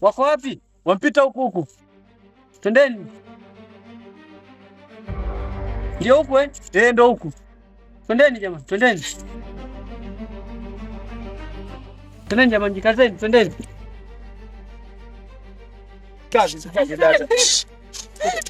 Wako wapi? Wampita huku huku. Twendeni. Ndio huku eh? Eh, ndio huku. Twendeni jamani, twendeni. Twendeni jamani, jikazeni, twendeni. Kazi, kazi, kazi.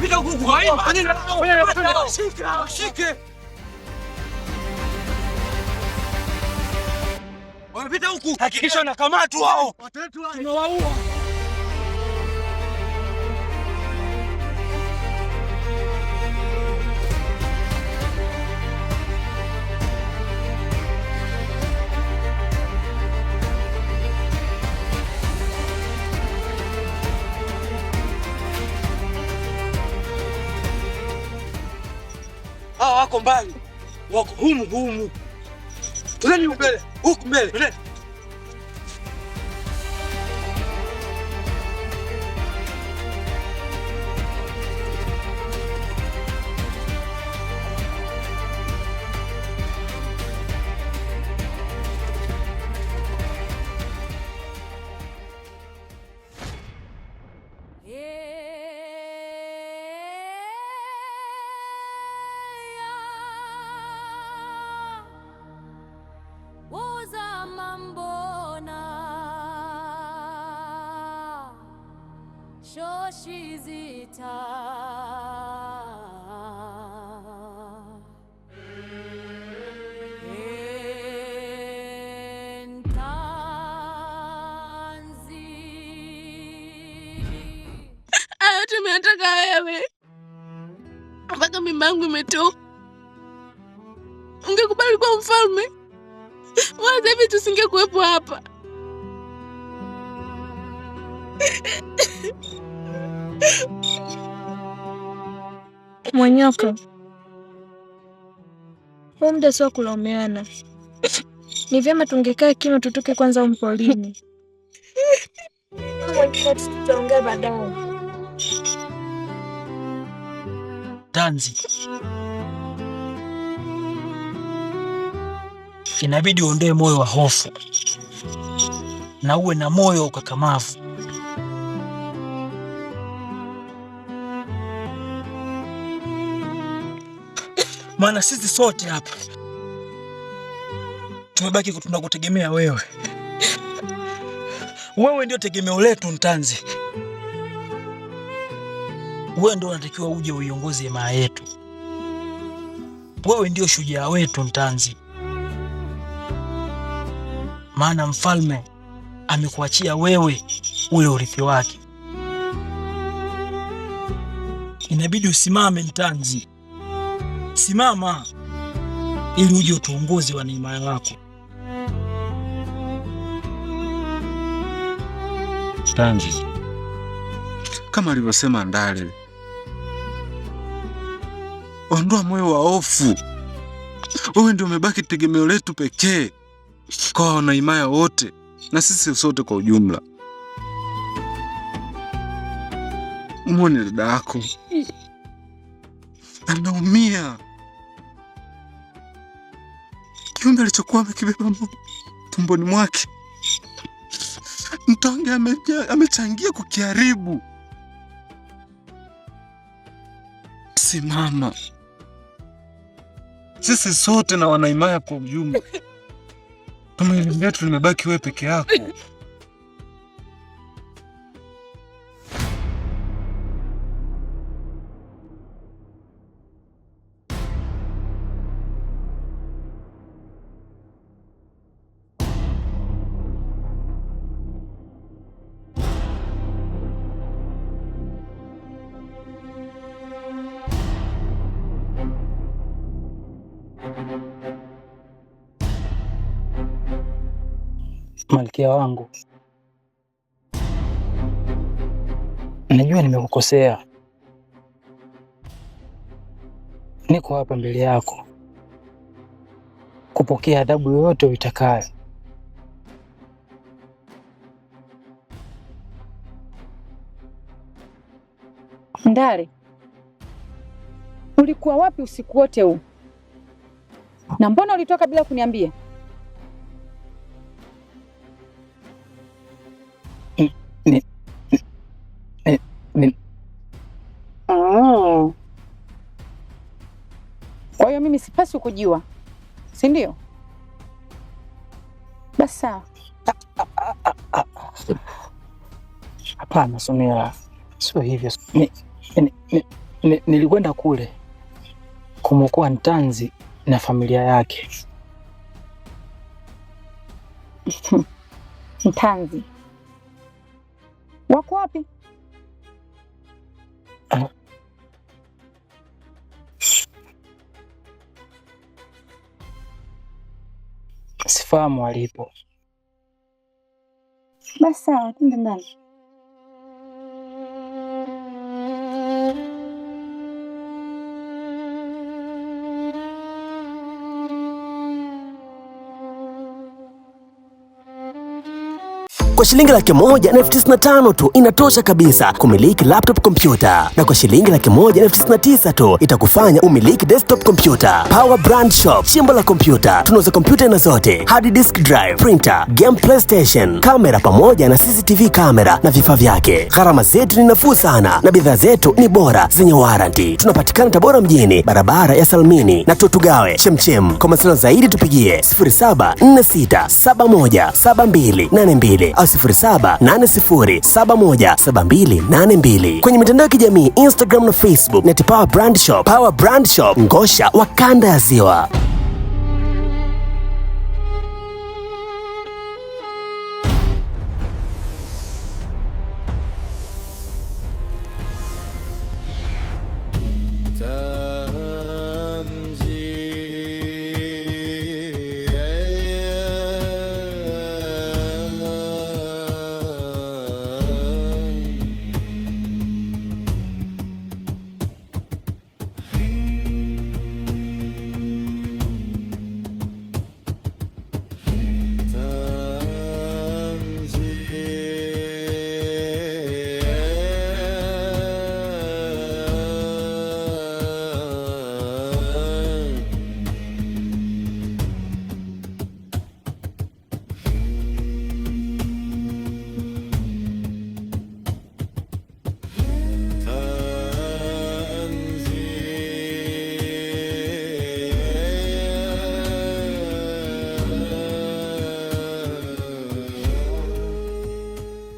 Bila kukuhaima. Shika, shike. Wamepita huku. Hakikisha wanakamatwa hao. Tunawaua. hawa wako mbali, wako humu humu, tuzeni mbele, huku mbele. oshizita ayo tumetaka wewe mpaka mimba yangu imetoka. Ungekubali kuwa mfalme, wazahivi tusinge kuwepo hapa. Mwanyoka, huu muda si kulaumeana. Ni vyema tungekaa kimya, tutoke kwanza mpolini. tutaongea baadaye. Tanzi, inabidi uondoe moyo wa hofu na uwe na moyo ukakamavu. maana sisi sote hapa tumebaki tunakutegemea wewe. Wewe ndio tegemeo letu, Ntanzi. Wewe ndio unatakiwa uje uiongoze jamaa yetu. Wewe ndio shujaa wetu, Ntanzi, maana mfalme amekuachia wewe ule urithi wake. Inabidi usimame, Ntanzi. Simama ili uje utuongoze wa neema yako. Tanji, kama alivyosema Ndale, ondoa moyo wa hofu. Wewe ndio umebaki tegemeo letu pekee kwa wanaimaya wote na sisi sote kwa ujumla. Mwone dada yako anaumia. Kiumbe alichokuwa amekibeba tumboni mwake, mtonge amechangia kukiharibu. Simama, sisi sote na wanaimaya kwa ujumla, tumaili letu limebaki wewe peke yako. mkia wangu. Najua nimekukosea, niko hapa mbele yako kupokea adhabu yoyote uitakayo. Ndari, ulikuwa wapi usiku wote huu, na mbona ulitoka bila kuniambia? sipaswi kujua, si ndio? Basi sawa. Hapana Sumira, sio hivyo. Nilikwenda kule kumwokoa Ntanzi na familia yake. Ntanzi wako wapi? Ah, sifahamu alipo Basi sawa, twende ndani. Kwa shilingi laki moja na elfu tisini na tano tu inatosha kabisa kumiliki laptop kompyuta, na kwa shilingi laki moja na elfu tisini na tisa tu itakufanya umiliki desktop kompyuta. Power Brand Shop, shimbo la kompyuta. Tunauza kompyuta na zote, hard disk drive, printer, game playstation, kamera pamoja na CCTV kamera na vifaa vyake. Gharama zetu ni nafuu sana na bidhaa zetu ni bora zenye waranti. Tunapatikana Tabora mjini, barabara ya Salmini na Tutugawe Chemchem. Kwa masuala zaidi tupigie 0746717282. 078070717282 kwenye mitandao ya kijamii Instagram na Facebook na Power Brand Shop, Power Brand Shop Ngosha wa kanda ya Ziwa.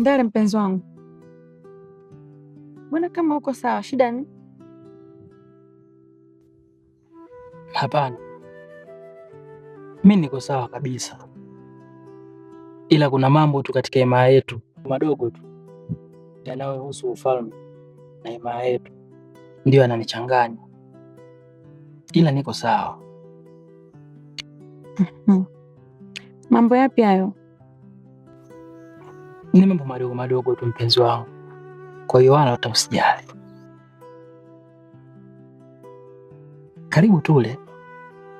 Ndale mpenzi wangu, mbona kama uko sawa? Shida ni hapana, mi niko sawa kabisa, ila kuna mambo tu katika imaa yetu madogo tu yanayohusu ufalme na imaa yetu ndiyo yananichanganya, ila niko sawa. Mm-hmm. Mambo yapi hayo? ni mambo madogo madogo tu, mpenzi wangu. Kwa hiyo wala hata usijali, karibu tule,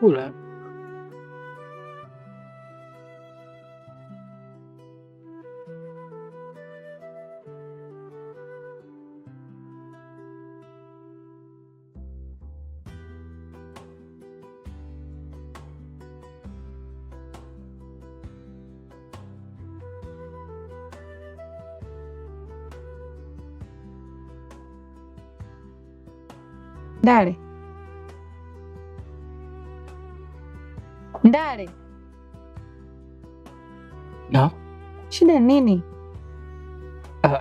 kula. Ndale, Ndale, na shida nini? Uh,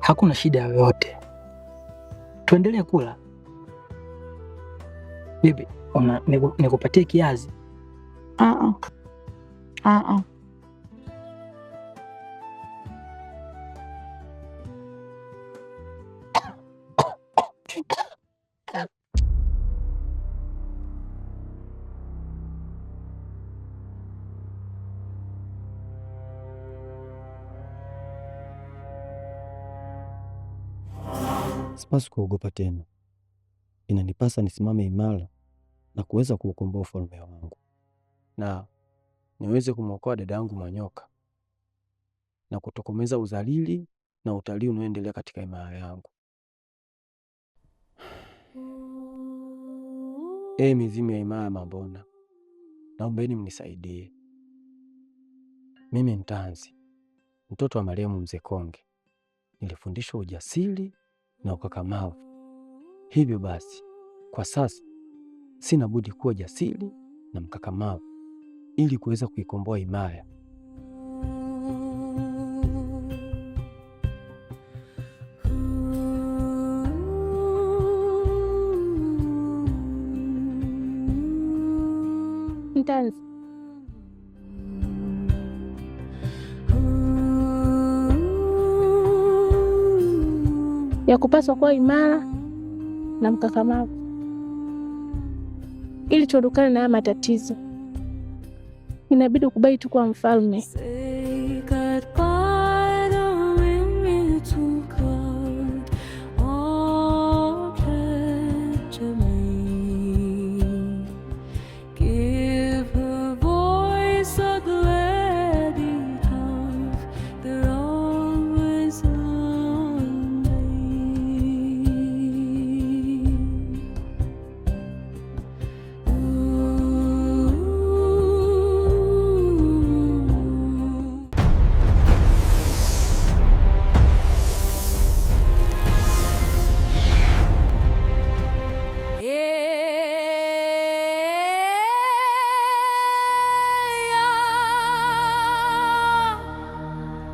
hakuna shida yoyote, tuendelee kula. Bibi, nikupatie kiazi? uh -uh. Uh -uh. pasi kuogopa tena, inanipasa nisimame imara na kuweza kuukomboa ufalme wangu na niweze kumwokoa dada yangu Mwanyoka na kutokomeza uzalili na utalii unaoendelea katika imara yangu. e mizimu ya imara Mabona, naombeni mnisaidie. Mimi Ntanzi, mtoto wa marehemu mzee Konge, nilifundishwa ujasiri na ukakamavu. Hivyo basi, kwa sasa sina budi kuwa jasiri na mkakamavu ili kuweza kuikomboa himaya tunapaswa kuwa imara na mkakamavu ili tuondokane na haya matatizo. Inabidi ukubali tu kwa mfalme.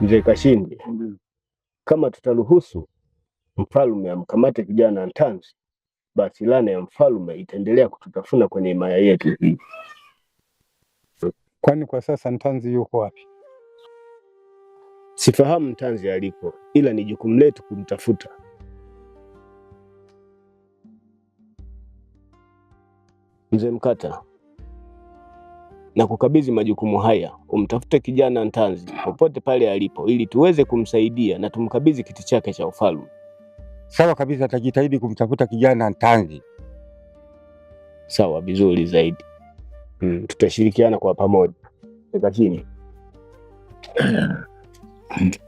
mzee Kashindi, kama tutaruhusu mfalme amkamate kijana Ntanzi, basi lana ya mfalme itaendelea kututafuna kwenye himaya yetu hii. Kwani kwa sasa Ntanzi yuko wapi? Sifahamu Ntanzi alipo, ila ni jukumu letu kumtafuta. Mzee Mkata, na kukabidhi majukumu haya. Umtafute kijana Ntanzi popote pale alipo, ili tuweze kumsaidia na tumkabidhi kiti chake cha ufalme. Sawa kabisa, atajitahidi kumtafuta kijana Ntanzi. Sawa, vizuri zaidi. Hmm, tutashirikiana kwa pamoja. Fika chini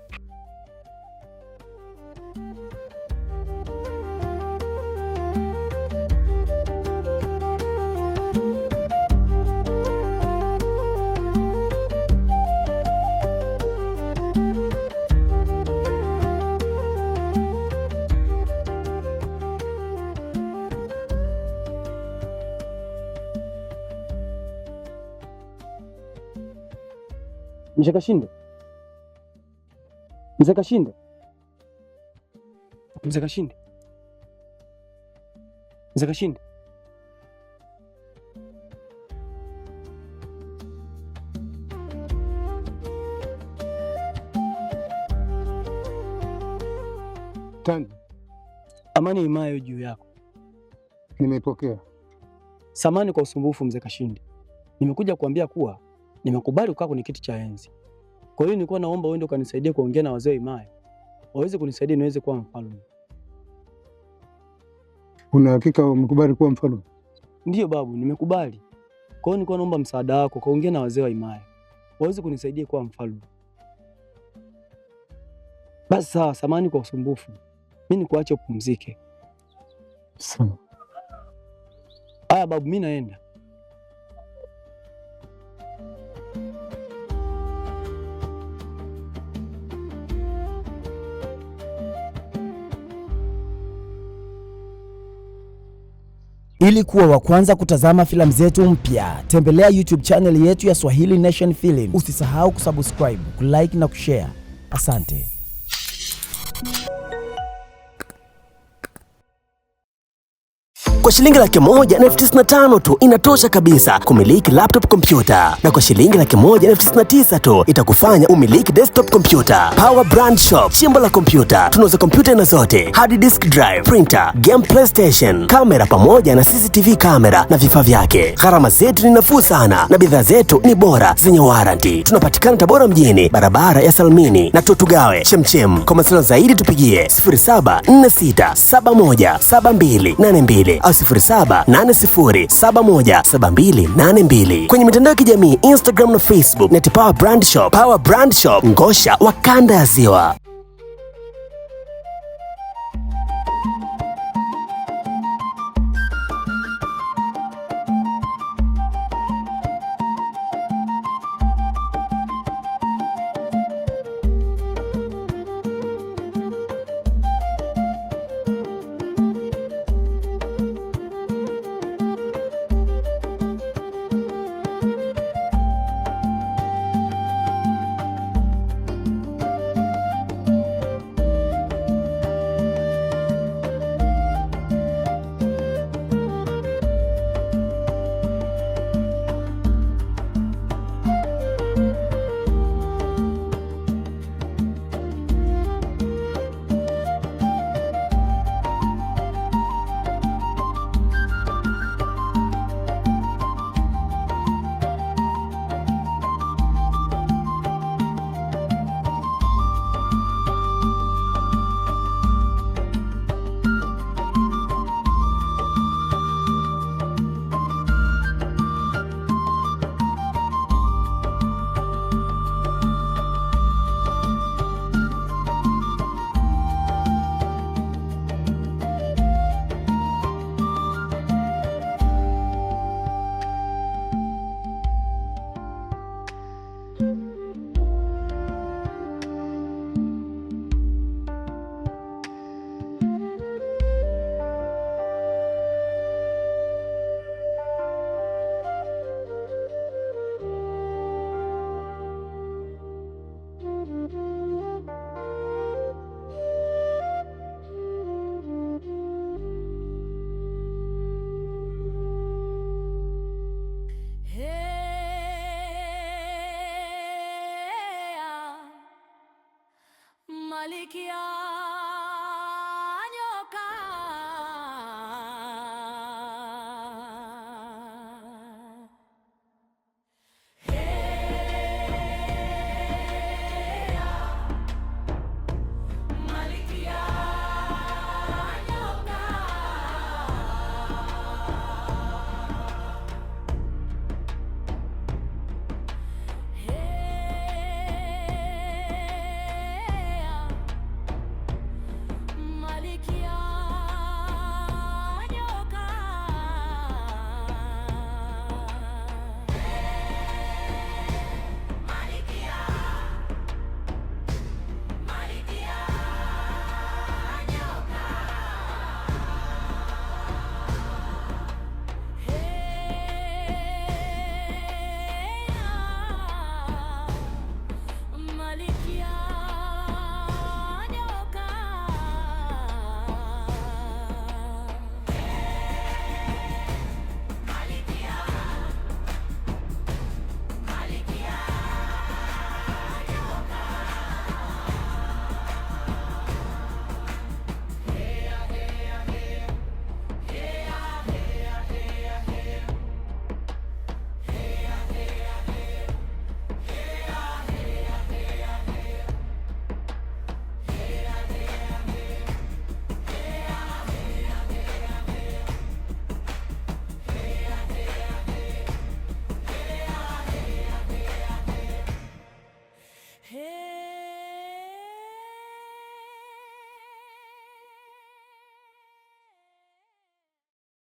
Mzee Kashinde, Mzee Kashinde, Mzee Kashinde, Mzee Kashinde. Tandi, amani imayo juu yako. Nimepokea. Samani kwa usumbufu Mzee Kashinde, nimekuja kuambia kuwa nimekubali kukaa kwenye kiti cha enzi. Kwa hiyo nilikuwa naomba uende ukanisaidie kuongea na wazee wa himaya waweze kunisaidia niweze kuwa mfalme. Una hakika umekubali kuwa mfalme? Ndiyo babu, nimekubali. Kwa hiyo nilikuwa naomba msaada wako, kaongea na wazee wa himaya waweze kunisaidia kuwa mfalme. Basi sawa, samani kwa usumbufu, mi nikuache upumzike. Sawa. Aya babu, mi naenda. Ili kuwa wa kwanza kutazama filamu zetu mpya, tembelea YouTube channel yetu ya Swahili Nation Film. Usisahau kusubscribe, kulike na kushare. Asante. Kwa shilingi laki moja na elfu tisini na tano tu inatosha kabisa kumiliki laptop kompyuta, na kwa shilingi laki moja na elfu tisini na tisa tu itakufanya umiliki desktop kompyuta. Power Brand Shop, chimbo la kompyuta. Tunauza kompyuta na zote, hard disk drive, printer, game playstation, kamera pamoja na CCTV kamera na vifaa vyake. Gharama zetu ni nafuu sana na bidhaa zetu ni bora zenye warranty. Tunapatikana Tabora mjini, barabara ya Salmini na Tutugawe Chemchem. Kwa masuala zaidi tupigie 0746717282. 078070717282 kwenye mitandao ya kijamii Instagram na Facebook, Power Brand Shop, Power Brand Shop Ngosha wa kanda ya Ziwa. किया